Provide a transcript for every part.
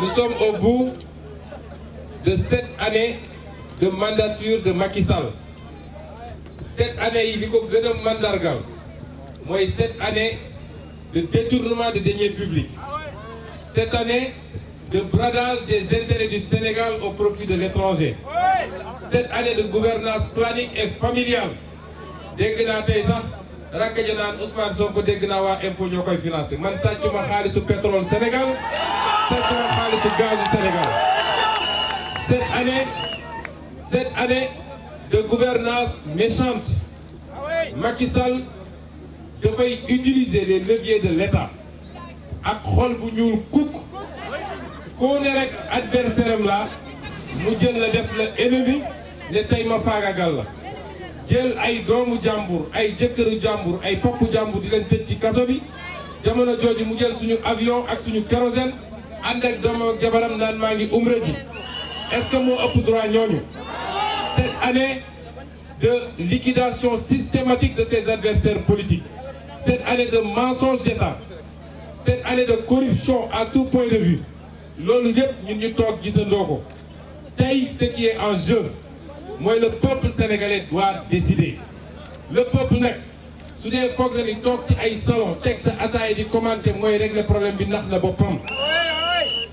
nous sommes au bout de cette année de mandature de Macky Sall cette année il y a gën mandargal sept cette année de détournement des deniers publics cette année de bradage des intérêts du Sénégal au profit de l'étranger cette année de gouvernance clanique et familiale dégg naa Ousmane Sonko dégg naa waa man suis ma pétrole Sénégal sur gage du Sénégal. Cette année, cette année de gouvernance méchante, Macky Sall devait utiliser les leviers de l'État. ak xol bu Kouk, qu'on est avec rek adversaire am la mu jël la def la ennemi ne tey ma faagagal la jël ay doomu jambour ay jëkkëru jambour ay popu jambour di leen tëj ci kaso bi jamono jooju mu jël suñu avion ak suñu kérosène ànd ak ak jabaram naan est-ce que mo ëpp droit ñooñu cette année de liquidation systématique de ses adversaires politiques cette année de mensonges d'État cette année de corruption à tout point de vue lolu yëpp ñun ñu tok gisandoo tay ce qui est en jeu Moi le peuple sénégalais doit décider le peuple nag su dee foog na ni toog ci ay salon teg sa ataaya di commenter règle le problème bi la na boppam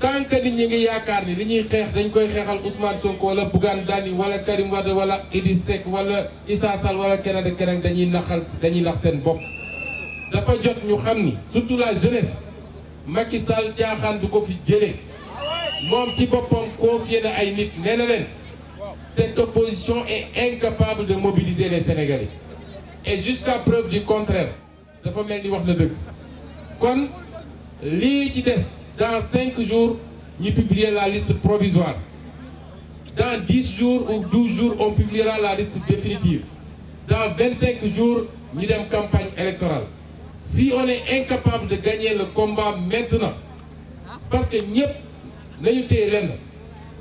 tant que nit ñi Ousmane Sonko Bougane Karim Wade wala Seck wala Issa Sall wala faire, dañuy en train de se surtout la jeunesse Macky Sall sont en ko fi se faire, ci cette opposition est incapable de mobiliser les Sénégalais et jusqu'à preuve du contraire dafa faire, wax en dans 5 jours, nous publierons la liste provisoire. Dans 10 jours ou 12 jours, on publiera la liste définitive. Dans 25 jours, nous avons une campagne électorale. Si on est incapable de gagner le combat maintenant, parce que nous,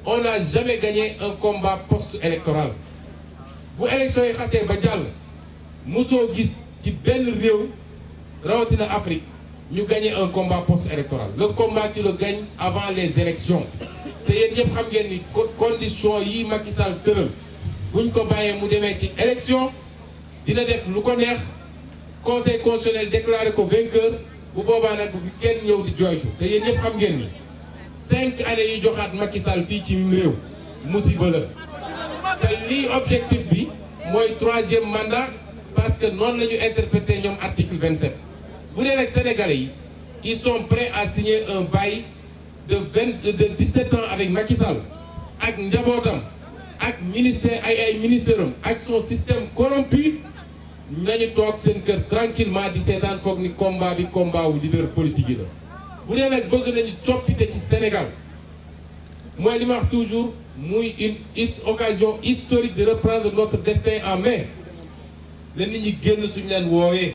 on n'a jamais gagné un combat post-électoral. Vous élection est Badjal, Mousso Gis, qui belle Afrique nous gagné un combat post-électoral le combat tu le gagnes avant les élections te yéen que les conditions qui condition yi Macky Sall tëral buñ ko bàyyee mu ci élection dina def lu neex conseil constitutionnel déclare ko vainqueur bu boobaa nag bu fi kenn di te années de Macky Sall fii ci réew cest la te lii objectif bi troisième mandat parce que nous avons interprété l'article article 27. Vous voyez les sénégalais yi ils sont prêts à signer un bail de 17 ans avec Macky Sall avec njabootam ak ministère ay ministère son système corrompu Nous devons seen tranquillement 17 ans pour ni combat bi combat wu leader politique Vous voyez bu dee nag bëgg nañu au Sénégal Moi, je marque toujours c'est une occasion historique de reprendre notre destin en main la nit ñi suñu